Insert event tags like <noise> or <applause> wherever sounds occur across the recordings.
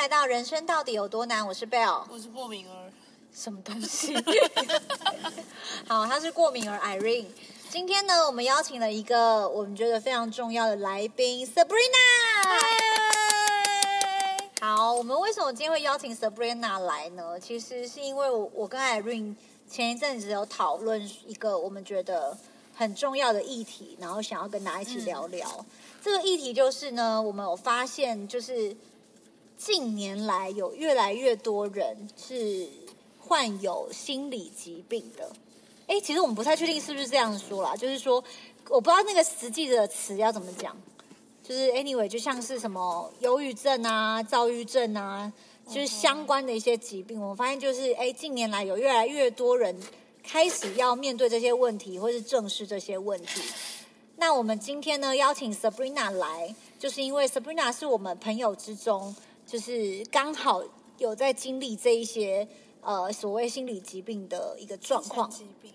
來到人生到底有多難？我是 Bell，我是過敏兒，什麼東西？ <laughs> 好，他是過敏兒 Irene。今天呢，我們邀請了一個我們覺得非常重要的來賓 Sabrina。嗨！好，我們為什麼今天會邀請 Sabrina 來呢？其實是因為我，我跟 Irene 前一陣子有討論一個我們覺得很重要的議題，然後想要跟大家一起聊聊。嗯。這個議題就是呢，我們有發現就是。近年來有越來越多人是患有心理疾病的，哎，其實我們不太確定是不是這樣說啦，就是說，我不知道那個實際的詞要怎麼講，就是 anyway，就像是什麼憂鬱症啊、躁鬱症啊，就是相關的一些疾病，我們發現就是，哎，近年來有越來越多人開始要面對這些問題，或是正視這些問題。那我們今天呢邀請 Sabrina 來，就是因為 Sabrina 是我們朋友之中。就是剛好有在經歷這一些呃、所謂心理疾病的一個狀況，疾病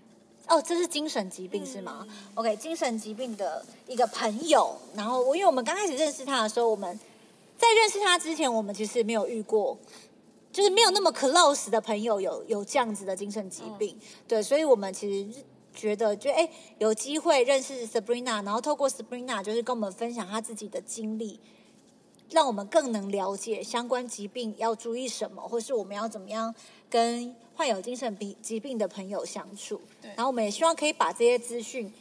哦，這是精神疾病、嗯、是嗎？OK，精神疾病的一個朋友，然後我因為我們剛開始認識他的時候，我們在認識他之前，我們其實沒有遇過，就是沒有那麼 close 的朋友有有這樣子的精神疾病、嗯，對，所以我們其實覺得就哎有機會認識 Sabrina，然後透過 Sabrina 就是跟我們分享他自己的經歷。讓我們更能了解相關疾病要注意什麼，或是我們要怎麼樣跟患有精神病疾病的朋友相處。對，然後我們也希望可以把這些資訊，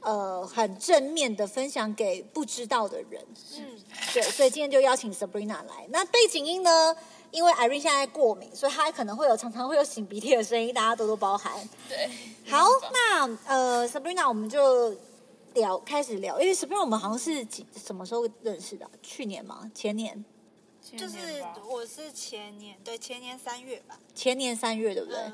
呃，很正面的分享給不知道的人。嗯，對，所以今天就邀請 Sabrina 來。那背景音呢？因為 Irene 現在過敏，所以她可能會有常常會有擤鼻涕的聲音，大家多多包涵。對，好，那呃，Sabrina，我們就。聊開始聊，因為 Sabrina、嗯、我們好像是幾什麼時候認識的、啊？去年嗎？前年，前年？就是我是前年，對前年三月吧。前年三月對不對、嗯？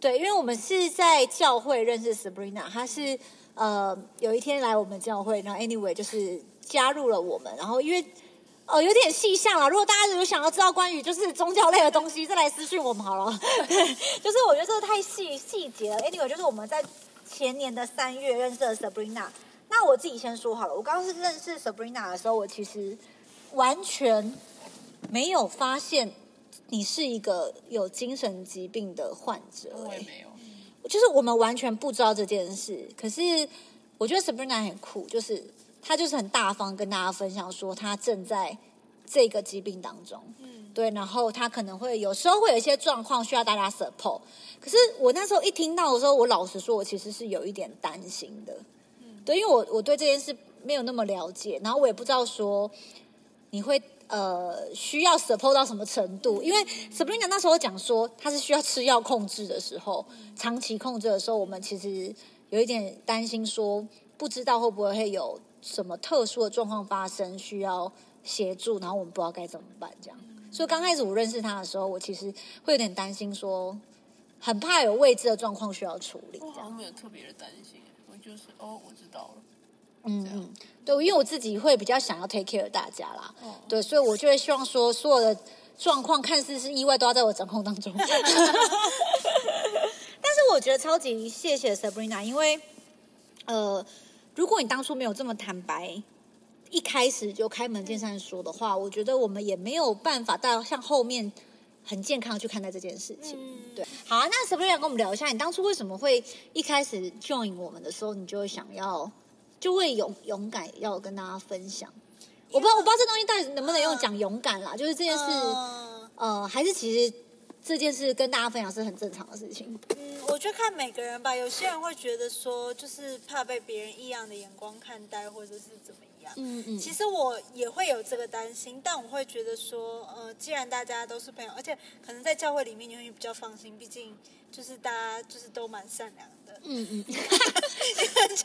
對，因為我們是在教會認識 Sabrina，、嗯嗯、她是呃有一天來我們教會，然後 Anyway 就是加入了我們，然後因為哦、呃、有點細項了，如果大家有想要知道關於就是宗教類的東西，再來私訊我們好了。 <laughs> 就是我覺得這個太細細節了，Anyway 就是我們在前年的三月認識了 <laughs> Sabrina。那我自己先說好了，我剛剛是認識 Sabrina 的時候，我其實完全沒有發現你是一個有精神疾病的患者。我也沒有，就是我們完全不知道這件事。可是我覺得 Sabrina 很酷，就是他就是很大方跟大家分享說他正在這個疾病當中。嗯，對。然後他可能會有時候會有一些狀況需要大家 support。可是我那時候一聽到的時候，我老實說，我其實是有一點擔心的。對，因為我我對這件事沒有那麼了解，然後我也不知道說你會呃需要 support 到什麼程度，因為 Sabrina、嗯、那時候講說他是需要吃藥控制的時候，長期控制的時候，我們其實有一點擔心，說不知道會不會會有什麼特殊的狀況發生需要協助，然後我們不知道該怎麼辦這樣。所以剛開始我認識他的時候，我其實會有點擔心，說很怕有未知的狀況需要處理。我好像沒有特別的擔心。就是哦，我知道了。嗯嗯，對，因為我自己會比較想要 take care 大家啦。Oh. 對，所以我就會希望說，所有的狀況看似是意外，都要在我掌控當中。 <laughs> <laughs> <laughs> 但是我覺得超級謝謝 Sabrina，因為呃，如果你當初沒有這麼坦白，一開始就開門見山說的話，嗯、我覺得我們也沒有辦法到像後面。很健康去看待這件事情，嗯、對。好啊，那 Sabrina 想跟我們聊一下，你當初為什麼會一開始 join 我們的時候，你就會想要就為勇勇敢要跟大家分享？我不知道，我不知道這東西到底能不能用講勇敢啦，嗯、就是這件事，嗯，呃，還是其實這件事跟大家分享是很正常的事情。嗯，我就看每個人吧，有些人會覺得說，就是怕被別人異樣的眼光看待，或者是怎麼樣。嗯嗯，其實我也會有這個擔心，但我會覺得說，呃，既然大家都是朋友，而且可能在教會裡面你會比較放心，畢竟就是大家就是都蠻善良的。嗯嗯 <laughs> <laughs> 就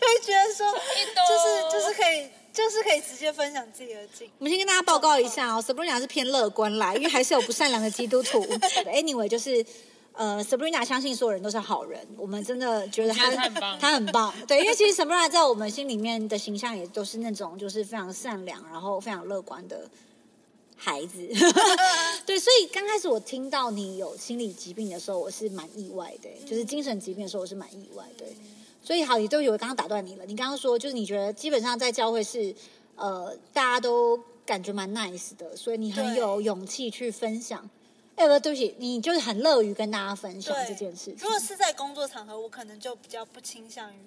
會覺得說，就是就是可以，就是可以直接分享自己的經歷。我們先跟大家報告一下哦，Sabrina 是偏樂觀啦，因為還是有不善良的基督徒。 <laughs> Anyway，就是。呃、uh,，Sabrina 相信所有人都是好人， <laughs> 我們真的覺得他他很棒，很棒 <laughs> 對，因為其實 Sabrina 在我們心裡面的形象也都是那種就是非常善良，然後非常樂觀的孩子， <laughs> 對，所以剛開始我聽到你有心理疾病的時候，我是蠻意外的、嗯，就是精神疾病的時候我是蠻意外的、嗯，所以好，你對不起我剛剛打斷你了，你剛剛說就是你覺得基本上在教會是呃大家都感覺蠻 nice 的，所以你很有勇氣去分享。哎、欸，不，對不起，你就是很樂於跟大家分享這件事情。如果是在工作場合，我可能就比較不傾向於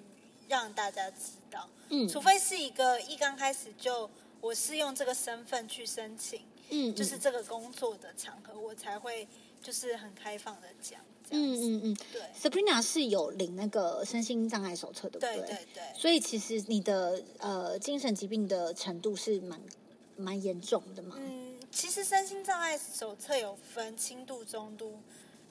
讓大家知道，嗯，除非是一個一剛開始就我是用這個身份去申請，嗯，嗯就是這個工作的場合，我才會就是很開放的講。這樣嗯嗯嗯。對 Sabrina 是有領那個身心障礙手冊，對不對？對對對。所以其實你的呃精神疾病的程度是蠻蠻嚴重的嘛。嗯其實身心障礙手冊有分輕度、中度、度、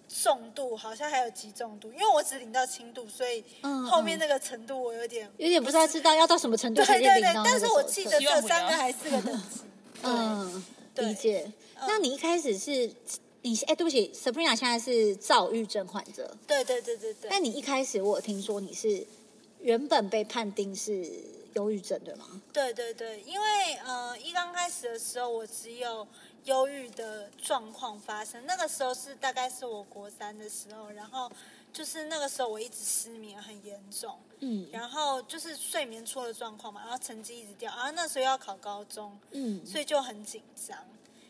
重度，好像還有極重度。因為我只領到輕度，所以後面那個程度我有點、嗯嗯、有點不知道知道要到什麼程度才要領到那個手冊。但是我記得這三個還是四個等級，希望不要理解。嗯，理解。那你一開始是，你哎，對不起，Sabrina 現在是躁鬱症患者。對對對對對。但你一開始我聽說你是原本被判定是。憂鬱症對嗎？對對對，因為呃，一剛開始的時候我只有憂鬱的狀況發生，那個時候是大概是我國三的時候，然後就是那個時候我一直失眠很嚴重，嗯，然後就是睡眠出了狀況嘛，然後成績一直掉，然、啊、後那時候要考高中，嗯，所以就很緊張，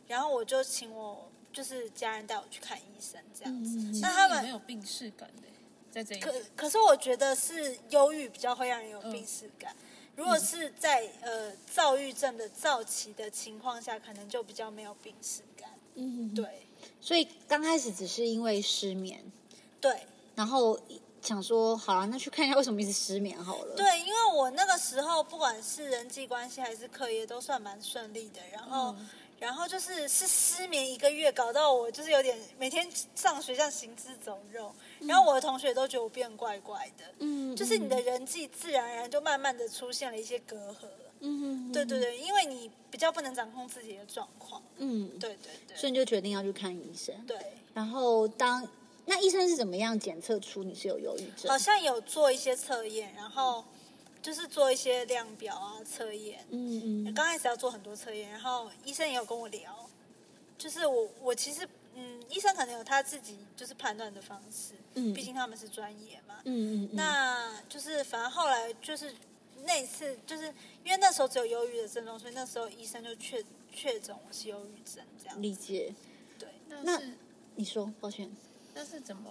然後我就請我就是家人帶我去看醫生這樣子，嗯嗯、那他們沒有病識感的，在這裡可可是我覺得是憂鬱比較會讓人有病識感。嗯如果是在呃躁鬱症的躁期的情況下，可能就比較沒有病恥感。嗯哼哼，對。所以剛開始只是因為失眠。對。然後想說，好了，啊，那去看一下為什麼一直失眠好了。對，因為我那個時候不管是人際關係還是課業都算蠻順利的，然後、嗯、然後就是是失眠一個月，搞到我就是有點每天上學像行屍走肉。然後我的同學都覺得我變怪怪的，嗯，就是你的人際自然而然就慢慢的出現了一些隔閡，嗯，對對對，因為你比較不能掌控自己的狀況，嗯，對對對，所以你就決定要去看醫生，對，然後當那醫生是怎麼樣檢測出你是有憂鬱症？好像有做一些測驗，然後就是做一些量表啊測驗，嗯，剛開始要做很多測驗，然後醫生也有跟我聊，就是我我其實。嗯，醫生可能有他自己就是判斷的方式，嗯、畢竟他們是專業嘛。嗯嗯，嗯，那就是反而後來就是那次，就是因為那時候只有憂鬱的症狀，所以那時候醫生就確確診我是憂鬱症這樣。理解。對。那，是那你說，抱歉那是怎麼？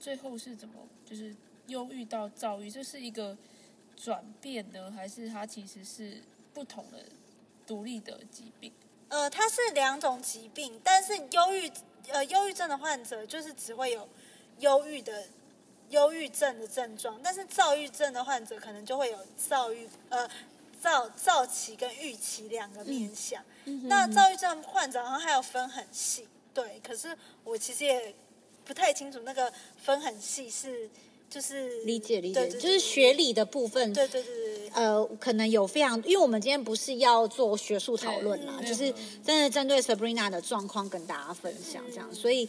最後是怎麼？就是憂鬱到躁鬱，這、就是一個轉變呢，還是他其實是不同的獨立的疾病？呃，它是兩種疾病，但是憂鬱呃，憂鬱症的患者就是只會有憂鬱的憂鬱症的症狀，但是躁鬱症的患者可能就會有躁鬱呃躁躁期跟鬱期兩個面向。嗯、那躁鬱症患者，然後還有分很細，對。可是我其實也不太清楚那個分很細是就是理解理解對對，就是學理的部分。對對對對。對對對呃，可能有非常，因為我們今天不是要做學術討論啦，就是真的針對 Sabrina 的狀況跟大家分享這樣，所以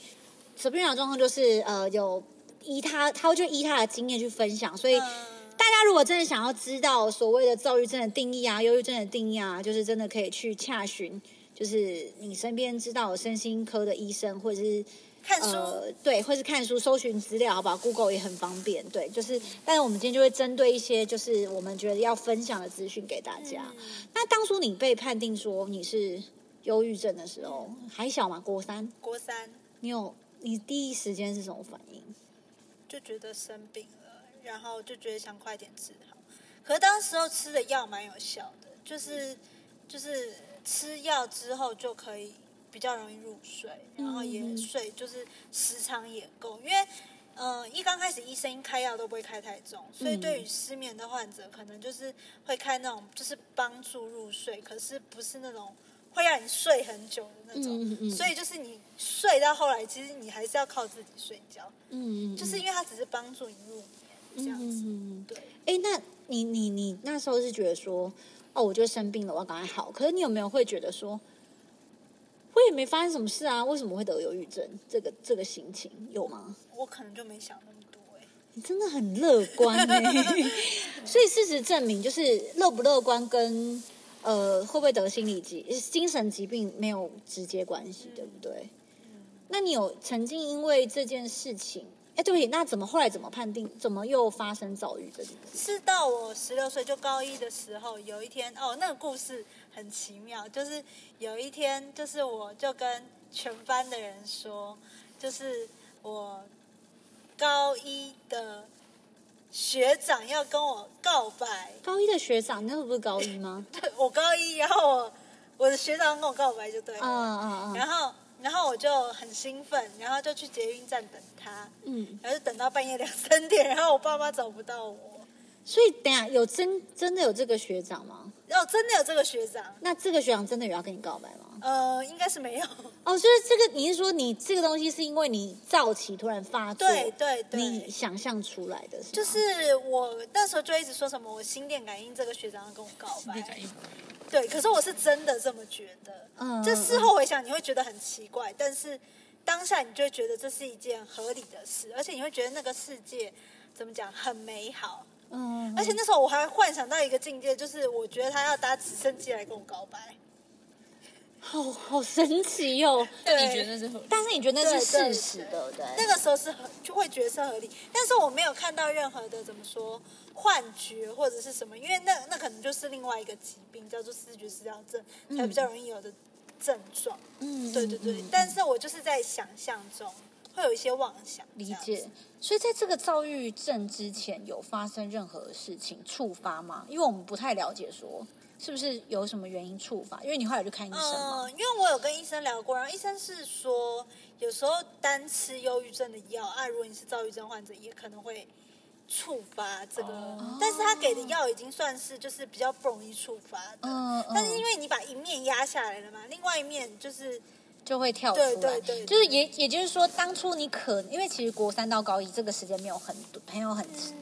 Sabrina 的狀況就是呃，有以他，他會就以他的經驗去分享，所以大家如果真的想要知道所謂的躁鬱症的定義啊、憂鬱症的定義啊，就是真的可以去洽詢，就是你身邊知道身心科的醫生或者是。看書，呃、看書，對，或是看書搜尋資料好吧，Google 也很方便，對，就是，但是我們今天就會針對一些，就是我們覺得要分享的資訊給大家，嗯。那當初你被判定說你是憂鬱症的時候，嗯、還小嗎？國三，國三，你有，你第一時間是什麼反應？就覺得生病了，然後就覺得想快點治好。可是當時候吃的藥蠻有效的，就是、嗯、就是吃藥之後就可以。比較容易入睡，然後也睡，嗯、就是時長也夠。因為，呃，一剛開始醫生開藥都不會開太重，所以對於失眠的患者，可能就是會開那種就是幫助入睡，可是不是那種會讓你睡很久的那種。嗯嗯嗯、所以就是你睡到後來，其實你還是要靠自己睡覺。嗯，就是因為它只是幫助你入眠、嗯、這樣子。嗯嗯嗯、對。哎、欸，那你你你那時候是覺得說，哦，我就生病了，我趕快好。可是你有沒有會覺得說？我也沒發生什麼事啊，為什麼會得憂鬱症？這個這個心情有嗎？我可能就沒想那麼多哎、欸。你真的很樂觀哎、欸。 <laughs> 所以事實證明，就是樂不樂觀跟呃會不會得心理疾精神疾病沒有直接關係、嗯，對不對、嗯？那你有曾經因為這件事情？哎、欸，對不起，那怎麼後來怎麼判定？怎麼又發生躁鬱症這件事情是到我十六歲就高一的時候，有一天哦，那個故事。很奇妙，就是有一天，就是我就跟全班的人說，就是我高一的學長要跟我告白。高一的學長，那時不是高一嗎？ <laughs> 對，我高一，然後我我的學長跟我告白就對了，啊嗯、啊、嗯、啊啊。然後然後我就很興奮，然後就去捷運站等他，嗯，然後就等到半夜兩三點，然後我爸媽找不到我。所以等下有真真的有這個學長嗎？哦，真的有這個學長。那這個學長真的有要跟你告白嗎？呃，應該是沒有。哦，所以這個你是說你這個東西是因為你躁期突然發作，對對對，你想象出來的是嗎？就是我那時候就一直說什麼，我心電感應這個學長要跟我告白。心電感應。對，可是我是真的這麼覺得。嗯。這事後回想你會覺得很奇怪，但是當下你就會覺得這是一件合理的事，而且你會覺得那個世界怎麼講很美好。嗯，而且那時候我還幻想到一個境界，就是我覺得他要搭直升機來跟我告白，好好神奇喲、哦！但 <laughs> 是對 <laughs> 你覺得是合，但是你覺得那是事實的，對，那個時候是很就會覺得是合理，但是我沒有看到任何的怎麼說幻覺或者是什麼，因為那那可能就是另外一個疾病叫做思覺失調症才比較容易有的症狀。嗯，對對對，對、嗯，但是我就是在想象中。會有一些妄想，理解。所以在這個躁鬱症之前有發生任何事情觸發嗎？因為我們不太了解說，說是不是有什麼原因觸發？因為你後來就看醫生。嗯，因為我有跟醫生聊過，然後醫生是說，有時候單吃憂鬱症的藥，啊，如果你是躁鬱症患者，也可能會觸發這個。哦。但是他給的藥已經算是就是比較不容易觸發的。嗯，嗯。但是因為你把一面壓下來了嘛，另外一面就是。就會跳出來，就是也也就是說，當初你可能因為其實國三到高一這個時間沒有很沒有很、嗯、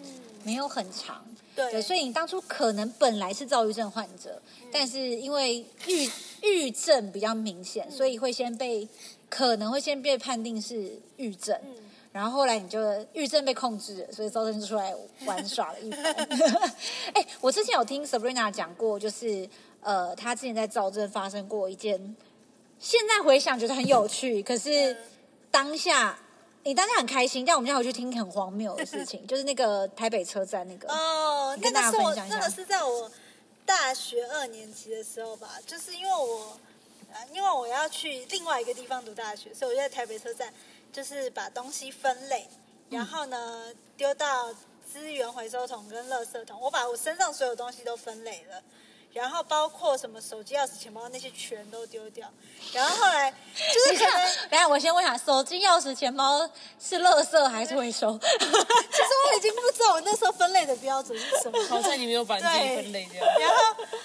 沒有很長對，對，所以你當初可能本來是躁鬱症患者，嗯，但是因為鬱鬱症比較明顯，嗯，所以會先被可能會先被判定是鬱症，嗯，然後後來你就鬱症被控制，所以躁症就出來玩耍了一番。哎、 <laughs> <laughs> 欸，我之前有聽 Sabrina 講過，就是呃，他之前在躁症發生過一件。現在回想覺得很有趣，可是當下你當下很開心，但我們現在回去聽很荒謬的事情，就是那個台北車站那個。哦，那個是我，真、那個是在我大學二年級的時候吧，就是因為我，因為我要去另外一個地方讀大學，所以我就在台北車站就是把東西分類，然後呢，丟到資源回收桶跟垃圾桶，我把我身上所有東西都分類了。然後包括什麼手機、鑰匙、錢包那些全都丟掉。然後後來就是可能。等下我先問一下，手機、鑰匙、錢包是樂色還是回收？其實 <laughs> 我已經不知道我那時候分類的標準是什麼？好像你沒有把這分類掉。然後，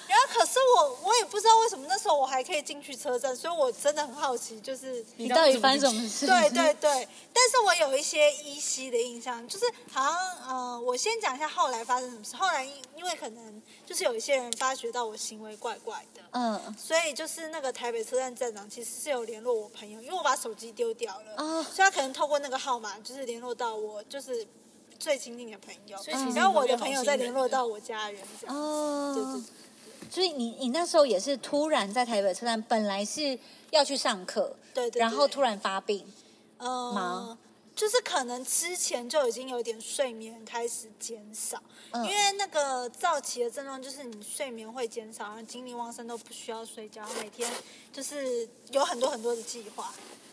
然後可是我我也不知道為什麼那時候我還可以進去車站， <laughs> 以車站，所以我真的很好奇，就是你到底發生什麼事？對對對，對。但是我有一些依稀的印象，就是好像呃，我先講一下後來發生什麼事。後來因為可能就是有一些人發覺到。我行為怪怪的，嗯，所以就是那個台北車站站長其實是有聯絡我朋友，因為我把手機丟掉了，哦、嗯，所以他可能透過那個號碼就是聯絡到我，就是最親近的朋友，嗯、所以然後我的朋友再聯絡到我家人。這樣子，哦、嗯，就所以你你那時候也是突然在台北車站，本來是要去上課，對，對，對。然後突然發病，嗯，嗎？就是可能之前就已經有點睡眠開始減少，嗯、因為那個躁期的症狀就是你睡眠會減少，然後精力旺盛都不需要睡覺，然後每天就是有很多很多的計劃，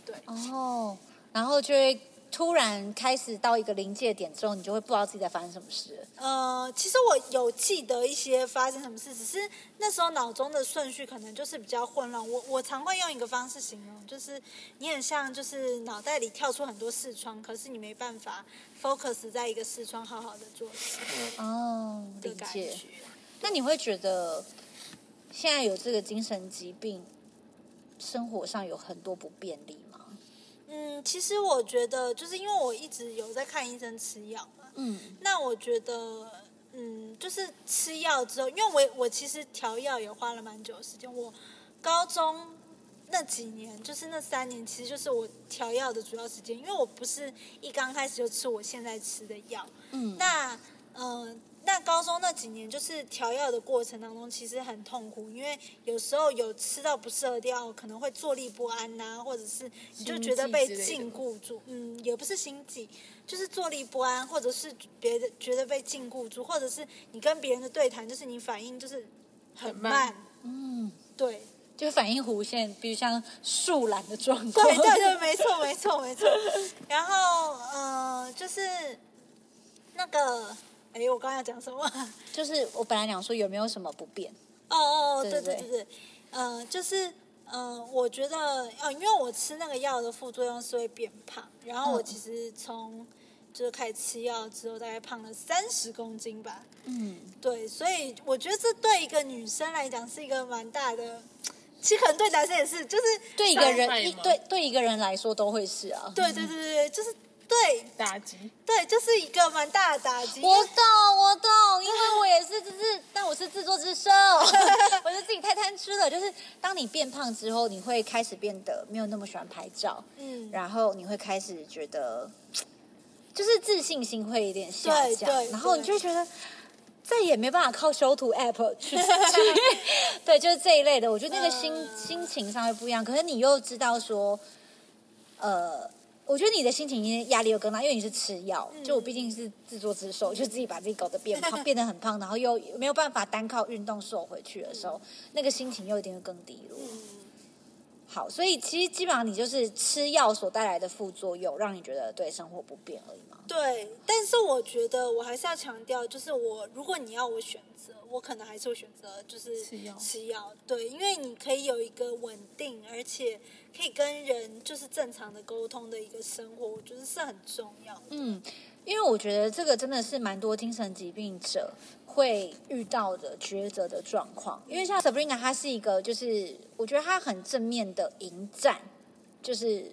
對。然後、哦，然後就會。突然開始到一個臨界點之後，你就會不知道自己在發生什麼事。呃，其實我有記得一些發生什麼事，只是那時候腦中的順序可能就是比較混亂。我我常會用一個方式形容，就是你很像就是腦袋裡跳出很多視窗，可是你沒辦法 focus 在一個視窗好好的做事。哦，理解。對。那你會覺得現在有這個精神疾病，生活上有很多不便利嗎？嗯，其實我覺得，就是因為我一直有在看醫生吃藥嘛。嗯，那我覺得，嗯，就是吃藥之後，因為我我其實調藥也花了蠻久的時間。我高中那幾年，就是那三年，其實就是我調藥的主要時間，因為我不是一剛開始就吃我現在吃的藥。嗯，那嗯。呃那高中那幾年，就是調藥的過程當中，其實很痛苦，因為有時候有吃到不適合的藥，可能會坐立不安吶、啊，或者是你就覺得被禁錮住，嗯，也不是心悸，就是坐立不安，或者是別的覺得被禁錮住，或者是你跟別人的對談，就是你反應就是很慢，很慢，嗯，對，就反應弧線，比如像樹懶的狀況，對對對，沒錯沒錯沒錯。 <laughs> 然後呃，就是那個。哎，我剛才講什麼？就是我本來想說有沒有什麼不便。哦、oh, 哦、oh, oh,，對對對對，嗯、呃，就是嗯、呃，我覺得，嗯、哦，因為我吃那個藥的副作用是會變胖，然後我其實從、oh. 就是開始吃藥之後，大概胖了三十公斤吧。嗯、mm.，對，所以我覺得這對一個女生來講是一個蠻大的，其實可能對男生也是，就是對一個人一對對一個人來說都會是啊，對對，對對對，就是。對打擊，對，就是一個蠻大的打擊。我懂，我懂，因為我也是，就是，但我是自作自受， <laughs> 我覺得自己太貪吃了。就是當你變胖之後，你會開始變得沒有那麼喜歡拍照，嗯，然後你會開始覺得，就是自信心會有點下降，然後你就覺得再也沒辦法靠修圖 app 去 <laughs> 去，對，就是這一類的。我覺得那個心、呃、心情上會不一樣，可是你又知道說，呃。我覺得你的心情壓力又更大，因為你是吃藥、嗯。就我畢竟是自作自受，就自己把自己搞得變胖， <laughs> 變得很胖，然後又沒有辦法單靠運動瘦回去的時候，嗯、那個心情又一定會更低落、嗯。好，所以其實基本上你就是吃藥所帶來的副作用，讓你覺得對生活不便而已嘛。對，但是我覺得我還是要強調，就是我如果你要我選。我可能還是會選擇，就是吃藥。吃藥，對，因為你可以有一個穩定，而且可以跟人就是正常的溝通的一個生活，我覺得是很重要。嗯，因為我覺得這個真的是蠻多精神疾病者會遇到的抉擇的狀況。因為像 Sabrina，他是一個，就是我覺得他很正面的迎戰，就是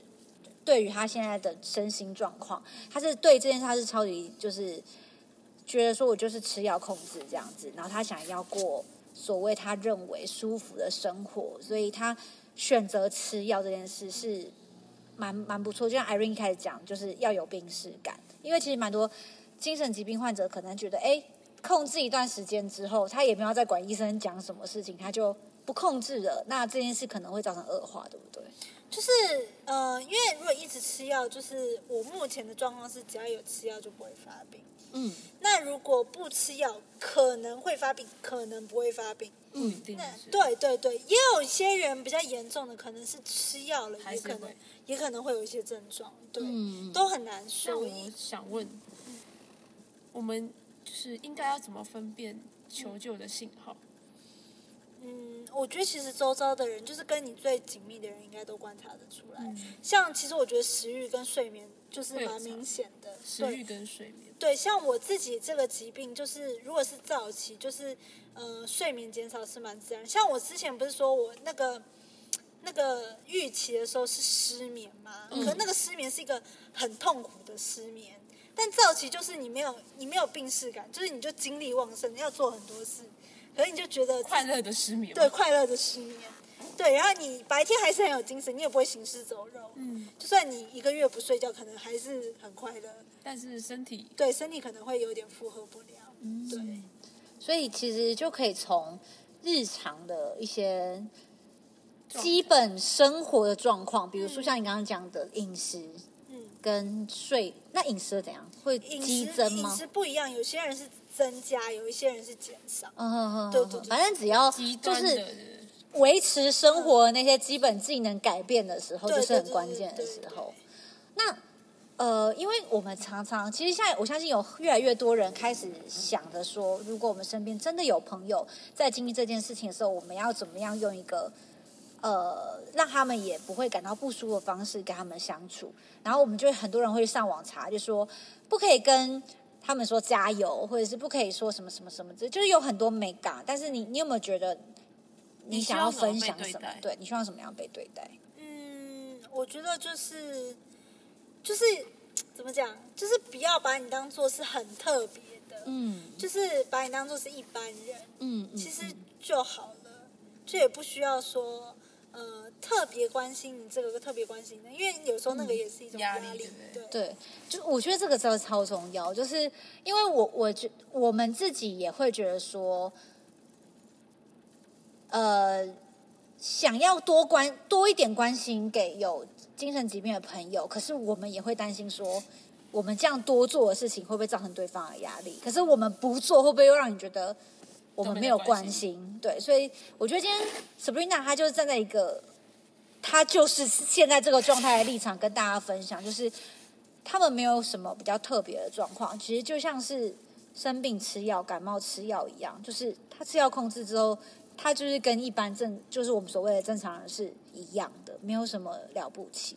對於他現在的身心狀況，他是對這件事，他是超級就是。覺得說我就是吃藥控制這樣子，然後他想要過所謂他認為舒服的生活，所以他選擇吃藥這件事是蠻蠻不錯。就像 Irene 一開始講，就是要有病恥感，因為其實蠻多精神疾病患者可能覺得，哎，控制一段時間之後，他也不要再管醫生講什麼事情，他就不控制了，那這件事可能會造成惡化，對不對？就是呃，因為如果一直吃藥，就是我目前的狀況是，只要有吃藥就不會發病。嗯，那如果不吃藥，可能會發病，可能不會發病。嗯，那對對對，也有些人比較嚴重的，可能是吃藥了，還也可能也可能會有一些症狀，對，嗯、都很難受。那我想問，嗯、我們就是應該要怎麼分辨求救的信號？嗯嗯，我覺得其實周遭的人，就是跟你最緊密的人，應該都觀察得出來、嗯。像其實我覺得食欲跟睡眠就是蠻明顯的，食欲跟睡眠對。對，像我自己這個疾病，就是如果是躁期，就是、呃、睡眠減少是蠻自然。像我之前不是說我那個那個預期的時候是失眠嘛、嗯，可能那個失眠是一個很痛苦的失眠。但躁期就是你沒有你沒有病識感，就是你就精力旺盛，你要做很多事。所以你就覺得快樂的失眠，對快樂的失眠，對。然後你白天還是很有精神，你也不會行屍走肉。嗯，就算你一個月不睡覺，可能還是很快樂，但是身體對身體可能會有點負荷不了。嗯，對。所以其實就可以從日常的一些基本生活的狀況，比如說像你剛剛講的飲食，嗯，跟睡。那飲食怎樣？會激增嗎？其實不一樣。有些人是。增加，有一些人是減少的，嗯嗯對對對，反正只要就是維、就是、持生活那些基本技能改變的時候，就是很關鍵的時候。那呃，因為我們常常其實現在我相信有越來越多人開始想着說，如果我們身邊真的有朋友在經歷這件事情的時候，我們要怎麼樣用一個呃讓他們也不會感到不舒服的方式跟他們相處？然後我們就很多人會上網查，就是、說不可以跟。他們說加油，或者是不可以說什麼什麼什麼，就是有很多美感，但是你，你有沒有覺得你想要分享什麼？你希望什麼被對待？對，你希望什麼樣被對待？嗯，我覺得就是就是怎麼講，就是不要把你當做是很特別的，嗯，就是把你當做是一般人，嗯,嗯嗯，其實就好了，就也不需要說。呃，特別關心你這個，特別關心你，因為有時候那個也是一種壓力、嗯、壓力，對對、對、對、對，就我覺得這個真的超重要，就是因為我我覺我們自己也會覺得說，呃，想要多關多一點關心給有精神疾病的朋友，可是我們也會擔心說，我們這樣多做的事情會不會造成對方的壓力？可是我們不做，會不會又讓你覺得？我們沒有關係？對，所以我覺得今天 Sabrina 她，就是站在一個，她就是現在這個狀態的立場跟大家分享，就是他們沒有什麼比較特別的狀況，其實就像是生病吃藥、感冒吃藥一樣，就是他吃藥控制之後，他就是跟一般正，就是我們所謂的正常人是一樣的，沒有什麼了不起。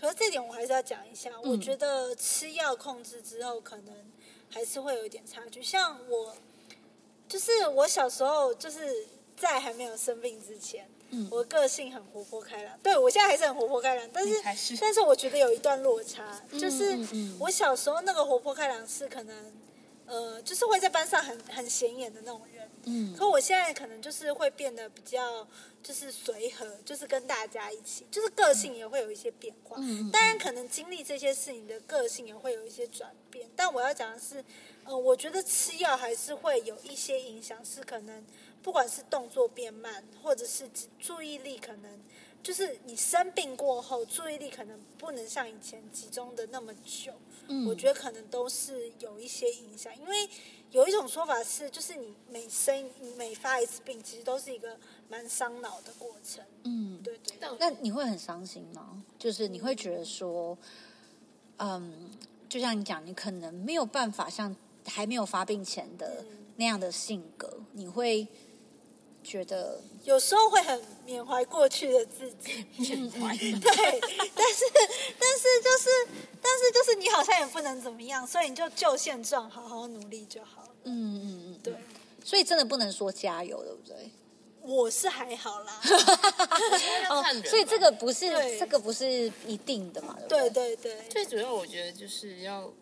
可是這點我還是要講一下，我覺得吃藥控制之後，可能還是會有一點差距，像我。就是我小時候就是在還沒有生病之前，嗯，我個性很活潑開朗，對，我現在還是很活潑開朗，但是，但是我覺得有一段落差，就是我小時候那個活潑開朗是可能，呃，就是會在班上很很顯眼的那種人。嗯，可我現在可能就是會變得比較，就是隨和，就是跟大家一起，就是個性也會有一些變化。嗯，當然可能經歷這些事，你的個性也會有一些轉變。但我要講的是，嗯、呃，我覺得吃藥還是會有一些影響，是可能不管是動作變慢，或者是注意力可能，就是你生病過後，注意力可能不能像以前集中得那麼久。嗯，我覺得可能都是有一些影響，因為有一種說法是，就是你每生每發一次病，其實都是一個蠻傷腦的過程。嗯，對對，對。那你會很傷心嗎？就是你會覺得說，嗯，嗯就像你講，你可能沒有辦法像還沒有發病前的那樣的性格，嗯、你會。覺得有時候會很緬懷過去的自己，緬懷，對，但是但是就是但是就是你好像也不能怎麼樣，所以你就就現狀好好努力就好了。嗯嗯嗯，對，所以真的不能說加油，對不對？我是還好啦， <laughs> 哦、所以這個不是這個不是一定的嘛，對不對？對對對，最主要我覺得就是要。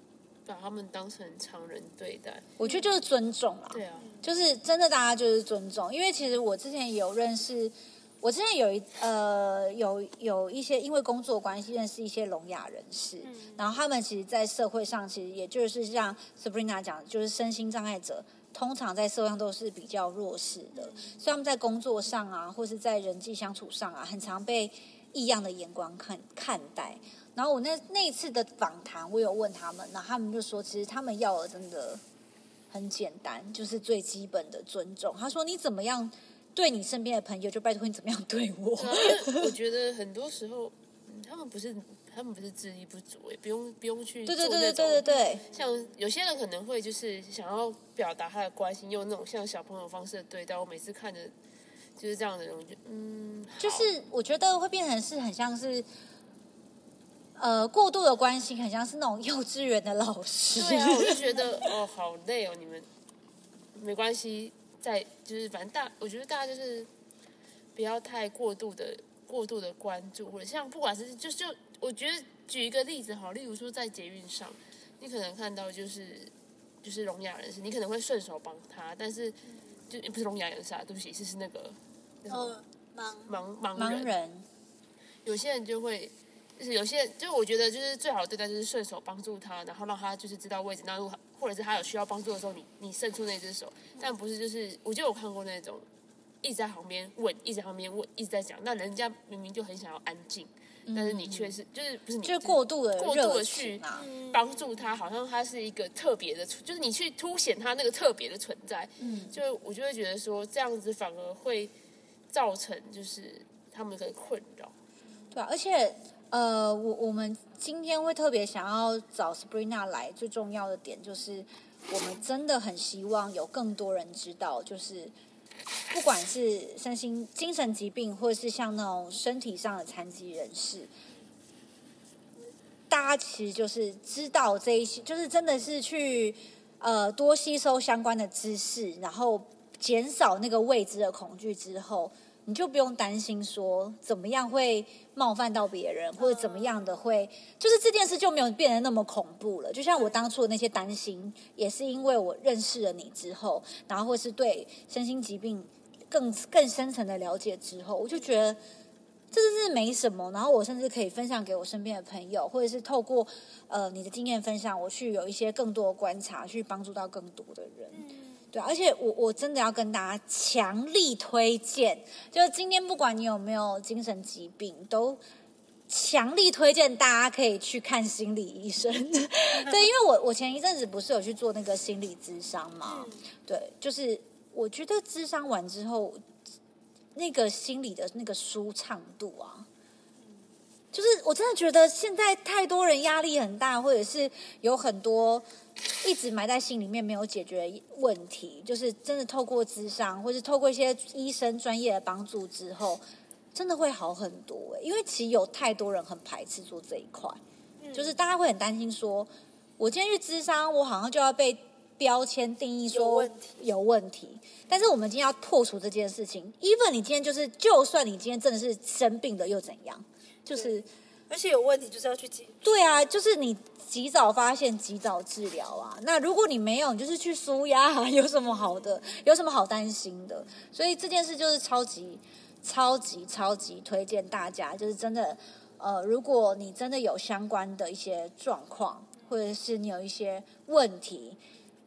把他們當成常人對待，我覺得就是尊重啊。對啊，就是真的，大家就是尊重。因為其實我之前有認識，我之前有一呃有有一些因為工作關係認識一些聾啞人士，嗯，然後他們其實，在社會上其實也就是像 Sabrina 講，就是身心障礙者通常在社會上都是比較弱勢的，嗯，所以他們在工作上啊，或是在人際相處上啊，很常被。異樣的眼光看看待，然後我那那一次的訪談，我有問他們，然後他們就說，其實他們要的真的很簡單，就是最基本的尊重。他說：“你怎麼樣對你身邊的朋友，就拜託你怎麼樣對我。”嗯，我覺得很多時候，嗯，他們不是他們不是智力不足，也不用不用去對對對，對對對對對對，像有些人可能會就是想要表達他的關心，用那種像小朋友方式的對待。我每次看着。就是這樣的，人，我覺得，嗯，就是我覺得會變成是很像是，呃，過度的關心，很像是那種幼稚園的老師。對啊，我就覺得 <laughs> 哦，好累哦，你們，沒關係，在就是反正大，我覺得大家就是不要太過度的過度的關注，或者像不管是就就，我覺得舉一個例子好，例如說在捷運上，你可能看到就是就是聾啞人士，你可能會順手幫他，但是，嗯就也不是聾啞人啥東西，就是，是那個，然後，盲盲盲盲人，有些人就會，就是有些就就我覺得就是最好對待就是順手幫助他，然後讓他就是知道位置，然後或者是他有需要幫助的時候你，你你伸出那隻手，但不是就是，我就有看過那種，一直在旁邊問，一直在旁邊問，一直在講，那人家明明就很想要安靜。但是你卻是、嗯，就是不是你，就是過度的、啊、過度的去幫助他，好像他是一個特別的，就是你去凸顯他那個特別的存在。嗯，就我就會覺得說，這樣子反而會造成就是他們的困擾，對啊，而且，呃，我我們今天會特別想要找 Sabrina 來，最重要的點就是，我們真的很希望有更多人知道，就是。不管是身心、精神疾病，或是像那種身體上的殘疾人士，大家其實就是知道這一些，就是真的是去呃多吸收相關的知識，然後減少那個未知的恐懼之後。你就不用擔心說怎麼樣會冒犯到別人，或者怎麼樣的會，就是這件事就沒有變得那麼恐怖了。就像我當初的那些擔心，也是因為我認識了你之後，然後或是對身心疾病更更深層的了解之後，我就覺得這真是沒什麼。然後我甚至可以分享給我身邊的朋友，或者是透過呃你的經驗分享，我去有一些更多的觀察，去幫助到更多的人。嗯。對，而且我我真的要跟大家強力推薦，就是今天不管你有沒有精神疾病，都強力推薦大家可以去看心理醫生。對，因為我我前一陣子不是有去做那個心理諮商嗎？對，就是我覺得諮商完之後，那個心理的那個舒暢度啊。就是我真的覺得現在太多人壓力很大，或者是有很多一直埋在心裡面沒有解決問題。就是真的透過諮商，或是透過一些醫生專業的幫助之後，真的會好很多。因為其實有太多人很排斥做這一塊，就是大家會很擔心說，我今天去諮商，我好像就要被標籤定義說有問題。有問題。但是我們今天要破除這件事情。Even，你今天就是，就算你今天真的是生病了，又怎樣？就是，而且有問題就是要去及對啊，就是你及早發現，及早治療啊。那如果你沒有，你就是去紓壓，有什麼好的？有什麼好擔心的？所以這件事就是超級、超級、超級推薦大家，就是真的，呃，如果你真的有相關的一些狀況，或者是你有一些問題，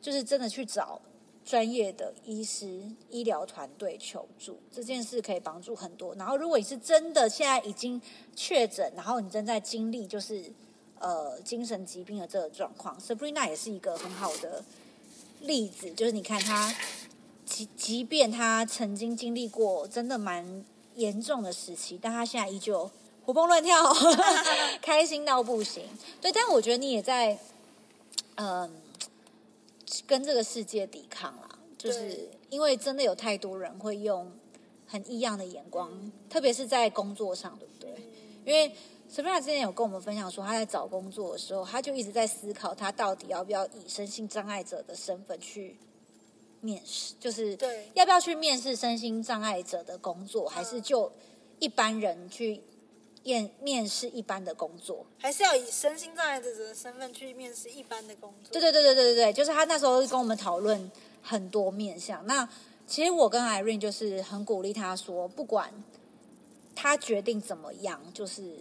就是真的去找。專業的醫師醫療團隊求助這件事可以幫助很多。然後，如果你是真的現在已經確診，然後你正在經歷就是呃精神疾病的這個狀況，Sabrina 也是一個很好的例子。就是你看他，即即便他曾經經歷過真的蠻嚴重的時期，但他現在依舊活蹦亂跳， <laughs> <laughs> 開心到不行。對，但我覺得你也在嗯。呃跟這個世界抵抗啦，就是因為真的有太多人會用很異樣的眼光，嗯、特別是在工作上，對不對？嗯、因為 Sabrina 之前有跟我們分享說，他在找工作的時候，他就一直在思考，他到底要不要以身心障礙者的身份去面試，就是對要不要去面試身心障礙者的工作，嗯、還是就一般人去。面面試一般的工作，還是要以身心障礙者的身份去面試一般的工作。對對對對對對，就是他那時候跟我們討論很多面相，那其實我跟 Irene 就是很鼓勵他說，不管他決定怎麼樣，就是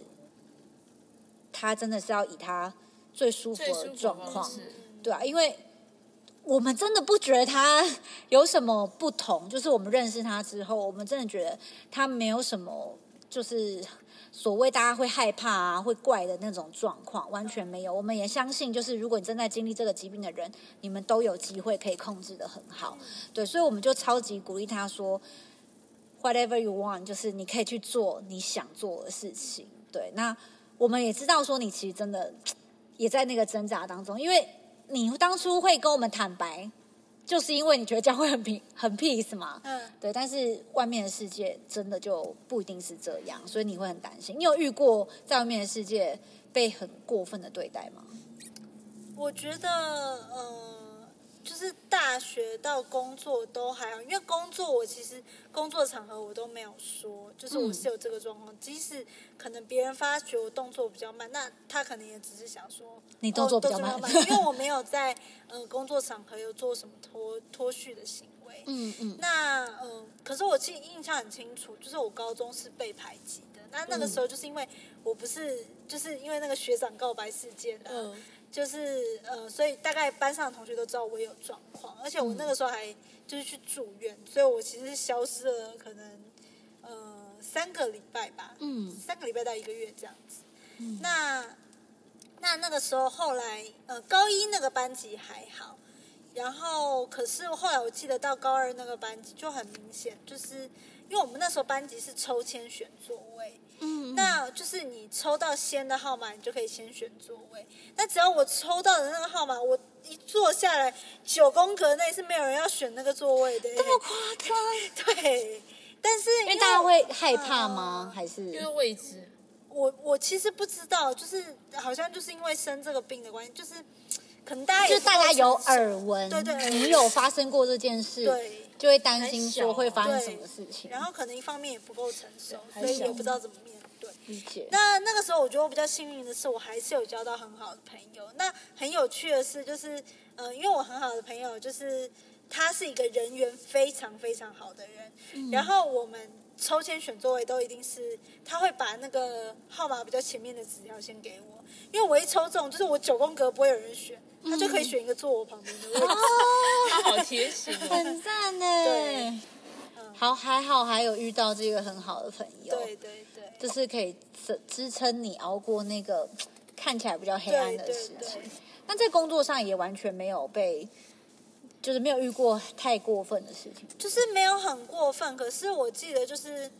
他真的是要以他最舒服的狀況的，對啊，因為我們真的不覺得他有什麼不同，就是我們認識他之後，我們真的覺得他沒有什麼就是。所謂大家會害怕啊，會怪的那種狀況，完全沒有。我們也相信，就是如果你正在經歷這個疾病的人，你們都有機會可以控制得很好。對，所以我們就超級鼓勵他說，whatever you want，就是你可以去做你想做的事情。對，那我們也知道說你其實真的也在那個掙扎當中，因為你當初會跟我們坦白。就是因為你覺得這樣會很平很 peace 嘛，嗯，對，但是外面的世界真的就不一定是這樣，所以你會很擔心。你有遇過在外面的世界被很過分的對待嗎？我覺得，呃。就是大學到工作都還好，因為工作我其實工作場合我都沒有說，就是我是有這個狀況、嗯，即使可能別人發覺我動作比較慢，那他可能也只是想說你動作比較慢，哦、較慢 <laughs> 因為我沒有在呃工作場合有做什麼脫脫序的行為。嗯嗯，那呃，可是我其實印象很清楚，就是我高中是被排擠的，那那個時候就是因為我不是、嗯、就是因為那個學長告白事件啊。嗯就是呃，所以大概班上的同學都知道我有狀況，而且我那個時候還就是去住院、嗯，所以我其實消失了，可能呃三個禮拜吧，嗯，三個禮拜到一個月這樣子。嗯、那那那個時候後來呃高一那個班級還好，然後可是後來我記得到高二那個班級就很明顯，就是因為我們那時候班級是抽籤選座位。嗯，那就是你抽到先的號碼，你就可以先選座位。那只要我抽到的那個號碼，我一坐下來，九宮格內是沒有人要選那個座位的。這麼誇張？對，但是因為，因為大家會害怕嗎？還是就是位置？我我其實不知道，就是好像就是因為生這個病的關係，就是。可能大家也就是、大家有耳聞，對對對，你有發生過這件事，對，就會擔心說會發生什麼事情。然後可能一方面也不夠成熟，所以也不知道怎麼面對，對，對，對，對。那那個時候我覺得我比較幸運的是，我還是有交到很好的朋友。那很有趣的是，就是呃，因為我很好的朋友，就是他是一個人緣非常非常好的人。嗯、然後我們抽籤選座位都一定是他會把那個號碼比較前面的紙條先給我，因為我一抽中就是我九宮格不會有人選。他就可以選一個坐我旁邊的位置、哦。 <laughs> 他好貼心、哦，很贊呢。對、嗯，好，還好還有遇到這個很好的朋友，對對對，對，就是可以支支撐你熬過那個看起來比較黑暗的事情。那在工作上也完全沒有被，就是沒有遇過太過分的事情，就是沒有很過分。可是我記得就是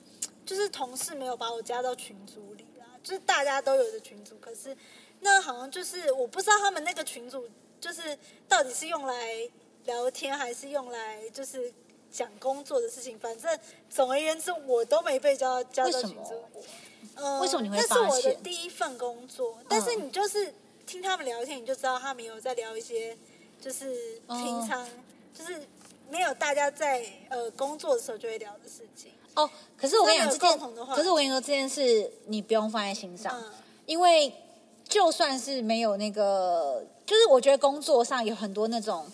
就是同事沒有把我加到群組裡、啊、就是大家都有的群組，可是。那好像就是我不知道他們那個群組，就是到底是用來聊天還是用來就是講工作的事情。反正總而言之，我都沒被加到加到群組。為什麼、嗯，為什麼你會發現？那是我的第一份工作。但是你就是聽他們聊天，你就知道他們有在聊一些就是平常就是沒有大家在呃工作的時候就會聊的事情。哦，可是我跟你講，可是我跟你說這件事，你不用放在心上，嗯、因為。就算是沒有那個，就是我覺得工作上有很多那種，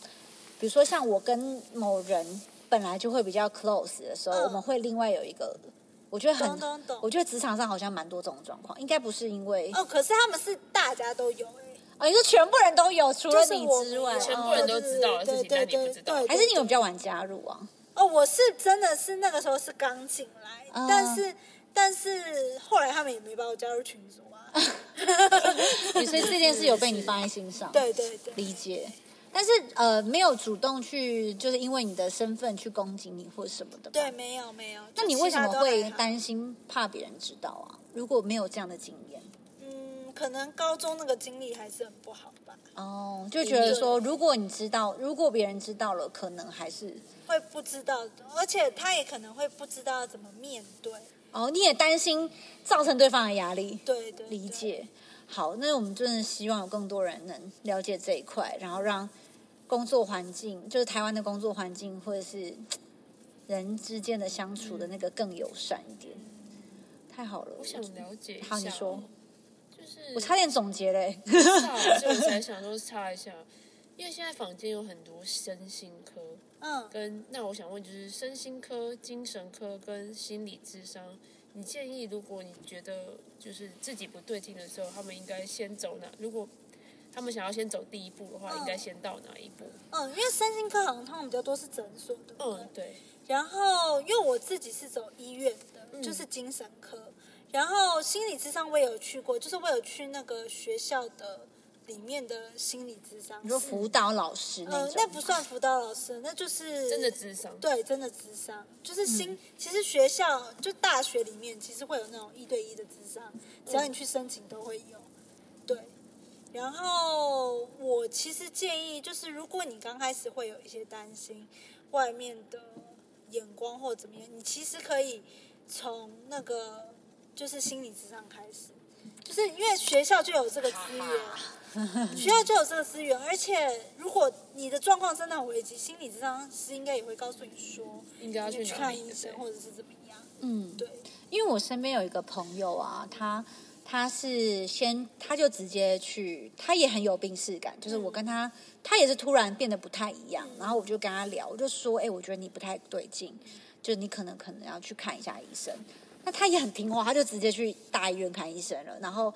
比如說像我跟某人本來就會比較 close 的時候，嗯、我們會另外有一個，我覺得很，懂懂懂，我覺得職場上好像蠻多這種狀況，應該不是因為哦，可是他們是大家都有、欸，哦你說全部人都有，除了你之外，就是哦、全部人都知道，對對對，但你不知道對對對對，還是你有比較晚加入啊？哦，我是真的是那個時候是剛進來、嗯，但是但是後來他們也沒把我加入群組。所 <laughs> 以這件事有被你放在心上，對對對，理解。但是呃，沒有主動去，就是因為你的身份去攻擊你或什麼的。對，沒有沒有。那你為什麼會擔心怕別人知道啊？如果沒有這樣的經驗，嗯，可能高中那個經歷還是很不好吧。哦、嗯，就覺得說，如果你知道，如果別人知道了，可能還是會不知道，而且他也可能會不知道怎麼面對。哦、oh，你也擔心造成對方的壓力，對，對對，理解。好，那我們真的希望有更多人能了解這一塊，然後讓工作環境，就是台灣的工作環境，或者是人之間的相處的那個更友善一點。嗯、太好了，我想了解一下。好，你說，就是我差點總結了， <laughs> 就我才想說插一下，因為現在坊間有很多身心科。嗯，跟那我想問就是，身心科、精神科跟心理諮商，你建議如果你覺得就是自己不對勁的時候，他們應該先走哪？如果他們想要先走第一步的話，嗯、應該先到哪一步？嗯，因為身心科好像他們比較多是診所。嗯，對。然後，因為我自己是走醫院的，嗯、就是精神科。然後，心理諮商我也有去過，就是我有去那個學校的。裡面的心理諮商，你說輔導老師那種、呃、那不算輔導老師，那就是真的諮商。對，真的諮商，就是心，嗯。其實學校就大學裡面，其實會有那種一對一的諮商，只要你去申請都會有。對，然後我其實建議，就是如果你剛開始會有一些擔心外面的眼光或怎麼樣，你其實可以從那個就是心理諮商開始，就是因為學校就有這個資源。 <laughs> 學 <laughs> 校就有這個資源，而且如果你的狀況真的很危機，心理諮商師應該也會告訴你說，應該去，去看醫生或者是怎麼樣。嗯，對，因為我身邊有一個朋友啊，他他是先他就直接去，他也很有病識感、嗯，就是我跟他，他也是突然變得不太一樣，嗯、然後我就跟他聊，我就說，哎、欸，我覺得你不太對勁，就是你可能可能要去看一下醫生。那他也很聽話，他就直接去大醫院看醫生了，然後。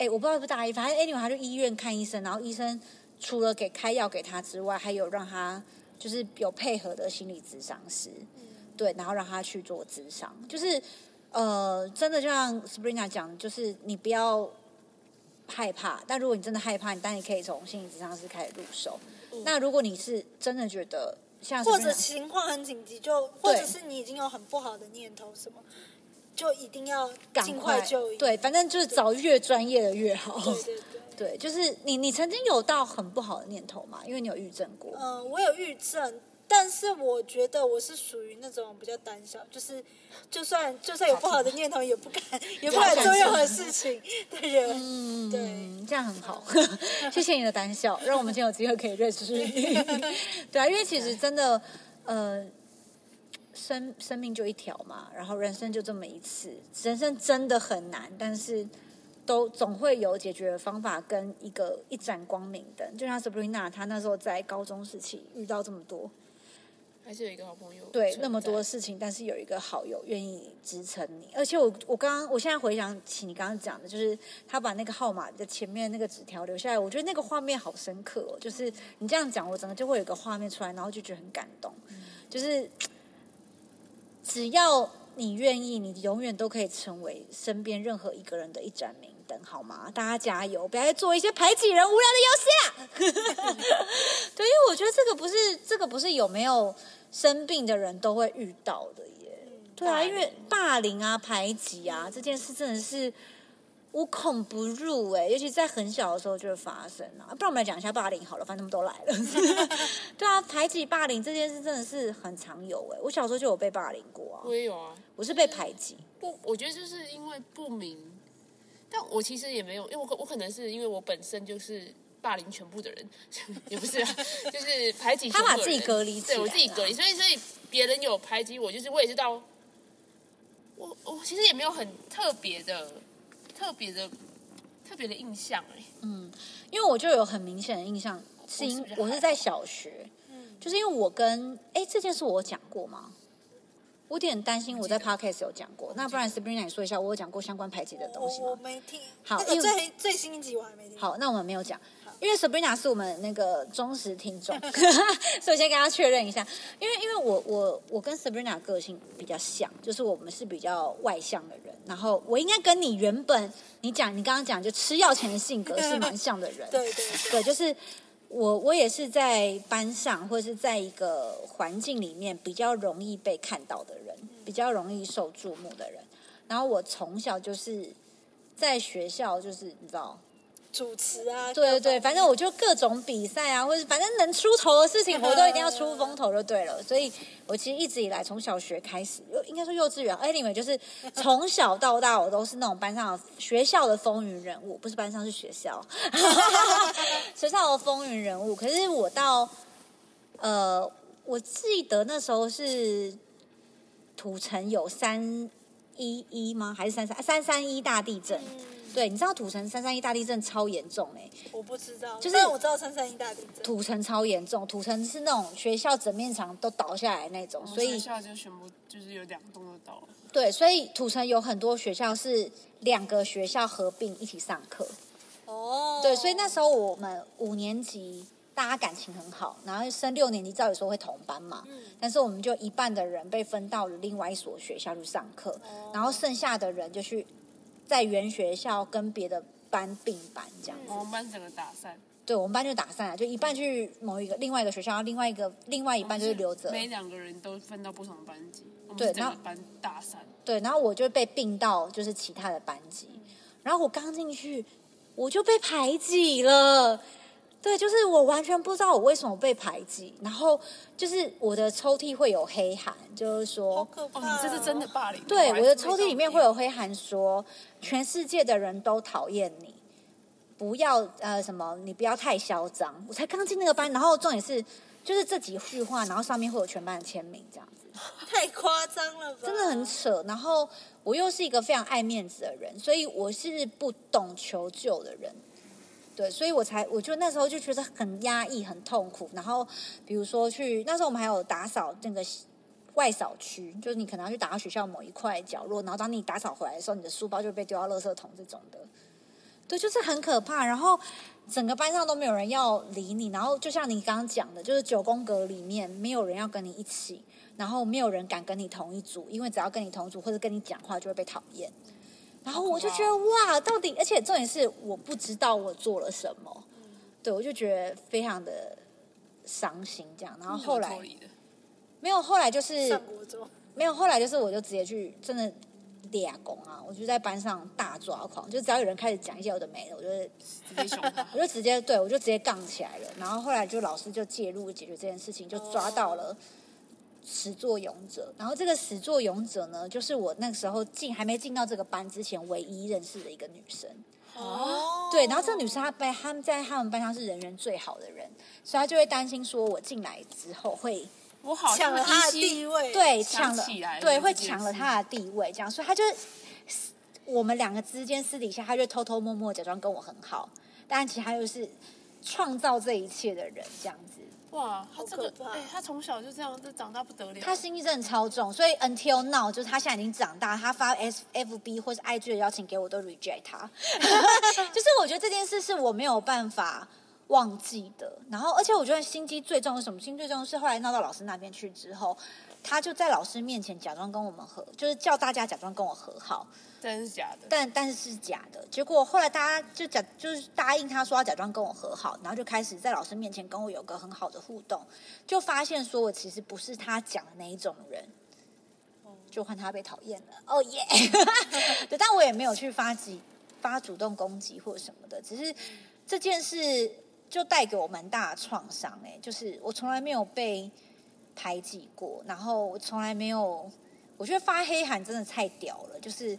哎、欸，我不知道是不是大意，反正 anyway，他去醫院看醫生，然後醫生除了給開藥給他之外，還有讓他就是有配合的心理諮商師、嗯，對，然後讓他去做諮商，就是呃，真的就像 Sabrina 講，就是你不要害怕，但如果你真的害怕，你當然你可以從心理諮商師開始入手、嗯。那如果你是真的覺得，像或者情況很緊急，就或者是你已經有很不好的念頭，什麼？就一定要趕快就快對，對，對，反正就是找越專業的越好。對，對，對，對就是你，你曾經有到很不好的念頭嘛？因為你有憂鬱症過。嗯，我有憂鬱症，但是我覺得我是屬於那種比較膽小，就是就算就算有不好的念頭，也不敢也不敢做任何事情的人。嗯，對，這樣很好。 <laughs> <laughs> 謝謝你的膽小，讓我們今天有機會可以認識 <laughs> 對啊，因為其實真的，呃。生生命就一條嘛，然後人生就這麼一次，人生真的很難，但是都總會有解決方法跟一個一盞光明燈。就像 Sabrina，她那時候在高中時期遇到這麼多，還是有一個好朋友。對，那麼多事情，但是有一個好友願意支撐你。而且我我剛剛，我現在回想起你剛剛講的，就是他把那個號碼的前面那個紙條留下來，我覺得那個畫面好深刻哦。就是你這樣講，我整個就會有個畫面出來，然後就覺得很感動，嗯、就是。只要你願意，你永遠都可以成為身邊任何一個人的一盞明燈，好嗎？大家加油，不要再做一些排擠人、無聊的遊戲啊！ <laughs> 對，因為我覺得這個不是，這個不是有沒有生病的人都會遇到的耶。對啊，因為霸凌啊、排擠啊這件事，真的是。無孔不入哎、欸，尤其在很小的時候就會發生啊。不然我們來講一下霸凌好了，反正他們都來了。 <laughs> <laughs> 對啊，排擠霸凌這件事真的是很常有哎、欸。我小時候就有被霸凌過啊。我也有啊。我是被排擠。不、就是，我覺得就是因為不明。但我其實也沒有，因為我我可能是因為我本身就是霸凌全部的人， <laughs> 也不是、啊，就是排擠。他把自己隔離起來、啊對，我自己隔離，所以所以別人有排擠我，就是我也知道。我我其實也沒有很特別的。特別的，特別的印象哎，嗯，因為我就有很明顯的印象，不是因我是在小學，嗯，就是因為我跟哎這件事我有講過嗎？我有點擔心我在 podcast 有講過，那不然 Sabrina 你說一下，我有講過相關排擠的東西嗎？我，我沒聽，好，那個、最最最新一集我還沒聽。好，那我們沒有講。嗯因為 Sabrina 是我們那個忠實聽眾 <laughs> <laughs> 所以先跟大家確認一下。因為因為我我我跟 Sabrina 個性比較像，就是我們是比較外向的人。然後我應該跟你原本你講你剛剛講就吃藥前的性格是蠻像的人，對對對，就是我我也是在班上或是在一個環境裡面比較容易被看到的人，比較容易受注目的人。然後我從小就是在學校，就是你知道。主持啊，對對對，反正我就各種比賽啊，或者反正能出頭的事情，我都一定要出風頭就對了。 <laughs> 所以，我其實一直以來，從小學開始，幼應該說幼稚園、啊，哎，你們就是從小到大，我都是那種班上學校的風雲人物，不是班上是學校， <laughs> 學校的風雲人物。可是我到，呃，我記得那時候是，土城有三一一嗎？還是三三三三一大地震？嗯對，你知道土城三三一大地震超嚴重哎、欸，我不知道，就是我知道三三一大地震，土城超嚴重，土城是那種學校整面牆都倒下來的那種，所以學校就全部就是有兩棟都倒了。對，所以土城有很多學校是兩個學校合併一起上課。哦。對，所以那時候我們五年級大家感情很好，然後升六年級照理說會同班嘛，嗯、但是我們就一半的人被分到了另外一所學校去上課，哦、然後剩下的人就去。在原學校跟別的班併班這樣子，嗯，我們班整個打散。對，我們班就打散了，就一半去某一個另外一個學校，另外一個另外一半就是留着，每兩個人都分到不同的班級，對，然後班打散，對，然後我就被併到就是其他的班級，嗯、然後我剛進去我就被排擠了，對，就是我完全不知道我為什麼被排擠，然後就是我的抽屜會有黑函，就是說，好可怕哦，哦，你這是真的霸凌，對，我，對我的抽屜裡面會有黑函說。全世界的人都討厭你，不要呃什麼，你不要太囂張。我才剛進那個班，然後重點是，就是這幾句話，然後上面會有全班的簽名，這樣子，太誇張了吧？真的很扯。然後我又是一個非常愛面子的人，所以我是不懂求救的人。對，所以我才，我就那時候就覺得很壓抑、很痛苦。然後比如說去，那時候我們還有打掃那個。外掃區就是你可能要去打到學校某一塊角落，然後當你打掃回來的時候，你的書包就被丟到垃圾桶這種的，對，就是很可怕。然後整個班上都沒有人要理你，然後就像你剛剛講的，就是九宮格裡面沒有人要跟你一起，然後沒有人敢跟你同一組，因為只要跟你同組或者跟你講話就會被討厭。然後我就覺得哇，到底，而且重點是我不知道我做了什麼，對，我就覺得非常的傷心。這樣，然後後來。沒有，後來就是沒有，後來就是我就直接去真的練功啊！我就在班上大抓狂，就只要有人開始講一些我的美，我就直接我就直接對我就直接槓起來了。然後後來就老師就介入解決這件事情，就抓到了始作俑者。然後這個始作俑者呢，就是我那個時候進還沒進到這個班之前唯一認識的一個女生。哦，對，然後這個女生她被他們在他們班上是人緣最好的人，所以她就會擔心說我進來之後會。我好像搶了他的地位，對，搶了，起來了，對，會搶了他的地位，這樣，所以他就是我們兩個之間私底下，他就偷偷摸摸，假裝跟我很好，但其實他又是創造這一切的人，這樣子。哇，他這個、好可怕、欸！他從小就這樣子長大，不得了，他心機真的超重。所以 until now 就是他現在已經長大，他發 S F B 或是 I G 的邀請給我都 reject 他， <laughs> <laughs> <laughs> 就是我覺得這件事是我沒有辦法忘記的，然後，而且我覺得心機最重的是什麼？心最重的是後來鬧到老師那邊去之後，他就在老師面前假裝跟我們和，就是叫大家假裝跟我和好，真是假的？但但是是假的。結果後來大家就假就是答應他說要假裝跟我和好，然後就開始在老師面前跟我有個很好的互動，就發現說我其實不是他講的那一種人，就換他被討厭了。哦、嗯、耶，對、oh, yeah! <laughs> 但我也沒有去發急發主動攻擊或者什麼的，只是、嗯、這件事。就帶給我蠻大的創傷，哎，就是我從來沒有被排擠過，然後我從來沒有，我覺得發黑函真的太屌了，就是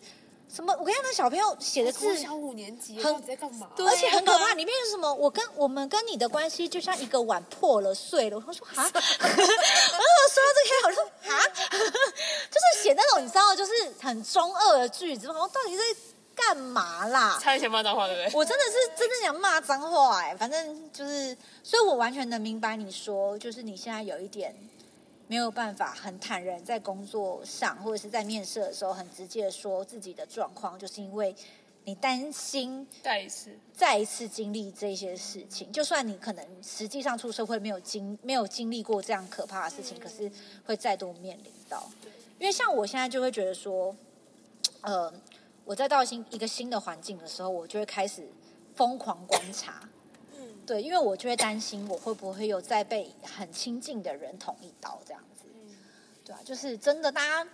什麼我跟他那小朋友寫的字，小五年級，你在幹嘛？對，對，而且很可怕，裡面有什麼？我跟我們跟你的關係就像一個碗破了碎了。我說啊 <laughs> <laughs> 我剛說到這個黑函，我說啊，就是寫那種你知道，就是很中二的句子，好像到底在。幹嘛啦？差一些罵髒話對不對？我真的是真的想罵髒話哎、欸，反正就是，所以我完全能明白你說，就是你現在有一點沒有辦法很坦然在工作上或者是在面試的時候，很直接說自己的狀況，就是因為你擔心再一次再一次經歷這些事情。就算你可能實際上出社會沒有經沒有經歷過這樣可怕的事情，嗯、可是會再度面臨到。對。因為像我現在就會覺得說，呃。我再到新一個新的環境的時候，我就會開始瘋狂觀察，嗯，對，因為我就會擔心我會不會有再被很親近的人捅一刀這樣子、嗯，對啊，就是真的，大家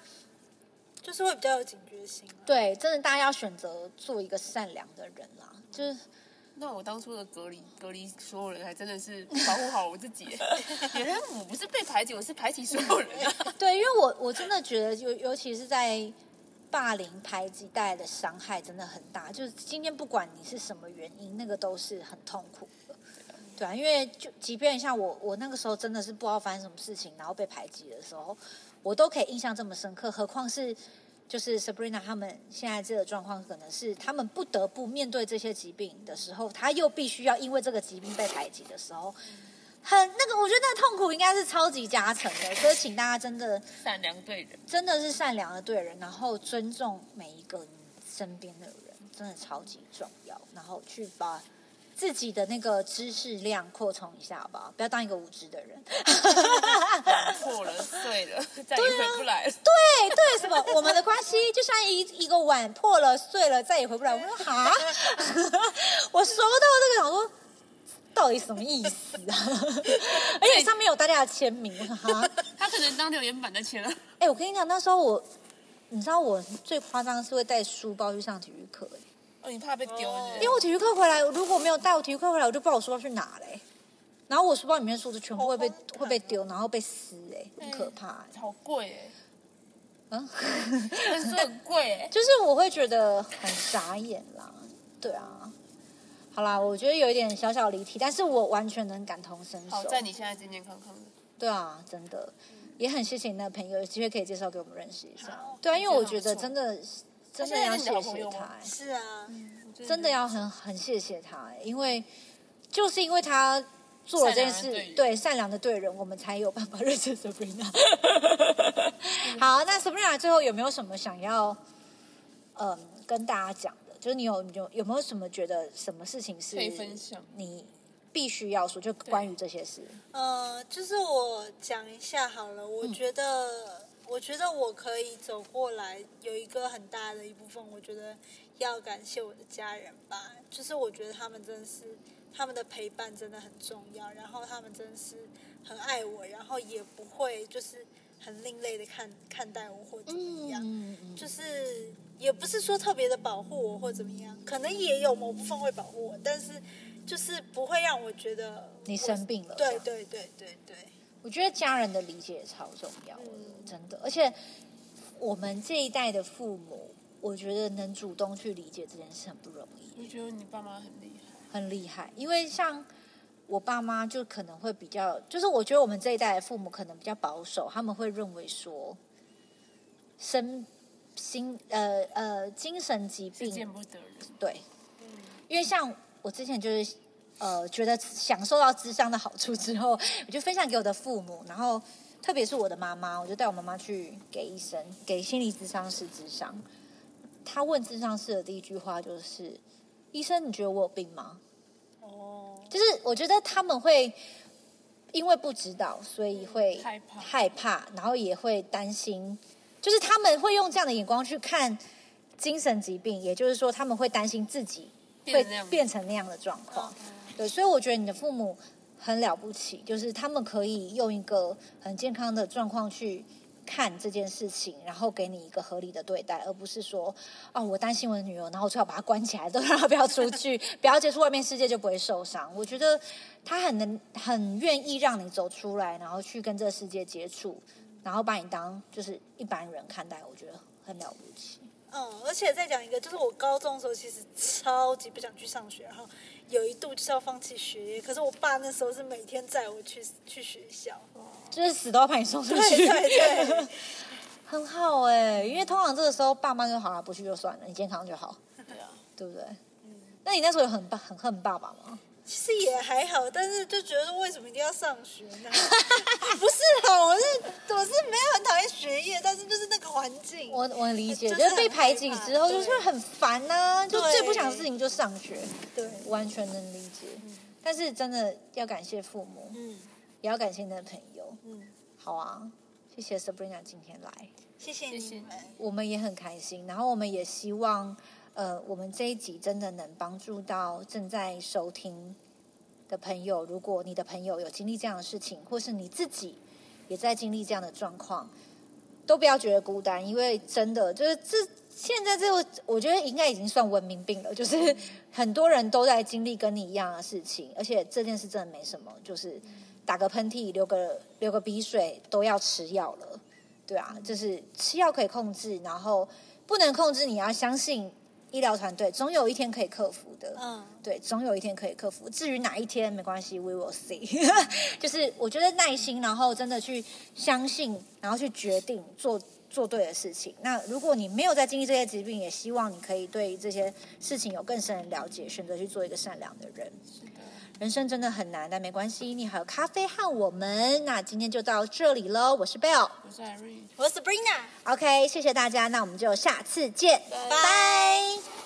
就是會比較有警覺心、啊，對，真的大家要選擇做一個善良的人啊、嗯，就是。那我當初的隔離隔離所有人，還真的是保護好我自己，別 <laughs> 人我不是被排擠，我是排擠所有人、啊、 <laughs> 對，因為我我真的覺得，尤其是在。霸凌排擠帶來的傷害真的很大，就是今天不管你是什麼原因，那個都是很痛苦的，對啊，因為就即便像我，我那個時候真的是不知道發生什麼事情，然後被排擠的時候，我都可以印象這麼深刻。何況是就是 Sabrina 他們現在這個狀況，可能是他們不得不面對這些疾病的時候，他又必須要因為這個疾病被排擠的時候。很那個，我覺得那個痛苦應該是超級加成的，所、就、以、是、請大家真的善良對人，真的是善良的對人，然後尊重每一個身邊的人，真的超級重要。然後去把自己的那個知識量擴充一下，好不好？不要當一個無知的人。碗 <laughs> 破了碎了，再也回不來了對、啊、對，對什麼？我們的關係就像一一個碗破了碎了，再也回不來。我說好， <laughs> 我收到這個，我說。到底什麼意思啊？而 <laughs> 且、欸、上面有大家的簽名、欸哈，他可能當留言板的簽、啊。哎、欸，我跟你講，那時候我，你知道我最誇張的是會帶書包去上體育課、欸。哦，你怕被丟？因為我體育課回來，如果沒有帶，我體育課回來我就不知道我書包去哪嘞、欸。然後我書包裡面書的全部會被會被丟，然後被撕、欸，哎，很可怕、欸欸。好貴哎、欸。嗯，是 <laughs> 很貴、欸。就是我會覺得很傻眼啦。對啊。好啦，我覺得有一點小小離題，但是我完全能感同身受。好在你現在健健康康的。對啊，真的，嗯、也很謝謝你的朋友，有機會可以介紹給我們認識一下對、啊。對啊，因為我覺得真的真的要謝謝他，是啊，真的要，謝謝、啊、yeah, 真的要很很謝謝他，因為就是因為他做了這件事，善對善良的對人，我們才有辦法認識 Sabrina。好，那 Sabrina 最後有沒有什麼想要嗯、呃、跟大家講？就你有你就有，有沒有什麼覺得什麼事情是？可以分享。你必須要說，就關於這些事。呃，就是我講一下好了。我覺得、嗯，我覺得我可以走過來，有一個很大的一部分，我覺得要感謝我的家人吧。就是我覺得他們真的是，他們的陪伴真的很重要。然後他們真是很愛我，然後也不會就是很另類的看看待我或怎麼樣。嗯嗯嗯嗯嗯就是。也不是說特別的保護我或怎麼樣，可能也有某部分會保護我，但是就是不會讓我覺得我，你生病了。對對對對對。我覺得家人的理解也超重要的，嗯，真的。而且我們這一代的父母，我覺得能主動去理解這件事很不容易。我覺得你爸媽很厲害，很厲害。因為像我爸媽就可能會比較，就是我覺得我們這一代的父母可能比較保守，他們會認為說生。心呃呃精神疾病，見不得人對、嗯，因為像我之前就是呃覺得享受到諮商的好處之後，我就分享給我的父母，然後特別是我的媽媽，我就帶我媽媽去給醫生，給心理諮商師諮商。他問諮商師的第一句話就是：“醫生，你覺得我有病嗎？”哦，就是我覺得他們會因為不知道，所以會害怕,、嗯、怕，然後也會擔心。就是他們會用這樣的眼光去看精神疾病，也就是說他們會擔心自己會變成那樣的狀況。對，所以我覺得你的父母很了不起，就是他們可以用一個很健康的狀況去看這件事情，然後給你一個合理的對待，而不是說哦，我擔心我的女兒，然後就要把她關起來，都讓她不要出去， <laughs> 不要接觸外面世界，就不會受傷。我覺得他很能很願意讓你走出來，然後去跟這個世界接觸。然後把你當就是一般人看待，我覺得很了不起。嗯，而且再講一個，就是我高中的時候其實超級不想去上學，然後有一度就是要放棄學業。可是我爸那時候是每天載我去去學校，就是死都要把你送出去。對對對， <laughs> 很好哎，因為通常這個時候爸媽就好了，不去就算了，你健康就好。對啊，對不對？嗯，那你那時候有很很恨爸爸嗎？其實也還好，但是就覺得說為什麼一定要上學呢？ <laughs> 不是啊，我是我是沒有很討厭學業，但是就是那個環境。 <laughs> 我我理解，就是、就是、被排擠之後，就是很煩吶、啊，就最不想的事情就上學。對，對，完全能理解。但是真的要感謝父母，嗯，也要感謝你的朋友，嗯，好啊，謝謝 Sabrina 今天來，謝謝你們，我們也很開心。然後我們也希望。呃，我們這一集真的能幫助到正在收聽的朋友。如果你的朋友有經歷這樣的事情，或是你自己也在經歷這樣的狀況，都不要覺得孤單，因為真的就是這現在這個，我覺得應該已經算文明病了。就是很多人都在經歷跟你一樣的事情，而且這件事真的沒什麼，就是打個噴嚏、流個流個鼻水都要吃藥了。對啊，就是吃藥可以控制，然後不能控制，你要相信。醫療團隊總有一天可以克服的，嗯，對，總有一天可以克服。至於哪一天，沒關係，we will see。 <laughs> 就是我覺得耐心，然後真的去相信，然後去決定做做對的事情。那如果你沒有在經歷這些疾病，也希望你可以對這些事情有更深的了解，選擇去做一個善良的人。人生真的很難，但沒關係，你還有咖啡和我們。那今天就到這裡嘍，我是 Bell，我是 Irene，我是 Sabrina。是 OK，謝謝大家，那我們就下次見，拜拜。